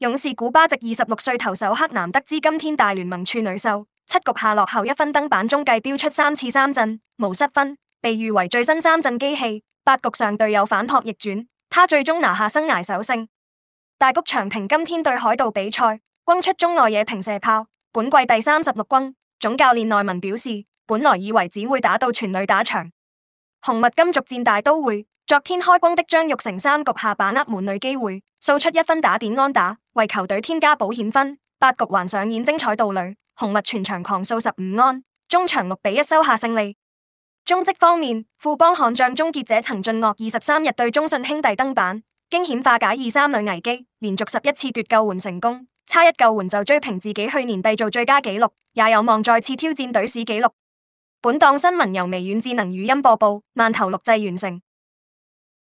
勇士古巴籍二十六歲投手克南得知今天大聯盟處女秀，七局下落後一分登板中計飆出三次三振無失分，被譽為最新三振機器。八局上隊友反撲逆轉，他最終拿下生涯首勝。大谷翔平今天對海盜比賽轟出中外野平射炮，本季第三十六轟。總教練內文表示，本來以為只會打到全壘打場，紅襪金續戰大都會。昨天開工的張玉成三局下把握滿壘機會，掃出一分打點安打，為球隊添加保險分。八局還上演精彩盜壘，紅襪全場狂掃十五安，中場六比一收下勝利。中職方面，富邦悍將終結者曾峻岳二十三日對中信兄弟登板，驚險化解二三壘危機，連續十一次奪救援成功，差一救援就追平自己去年締造最佳紀錄，也有望再次挑戰隊史紀錄。本檔新聞由微軟智能語音播報，慢頭錄製完成。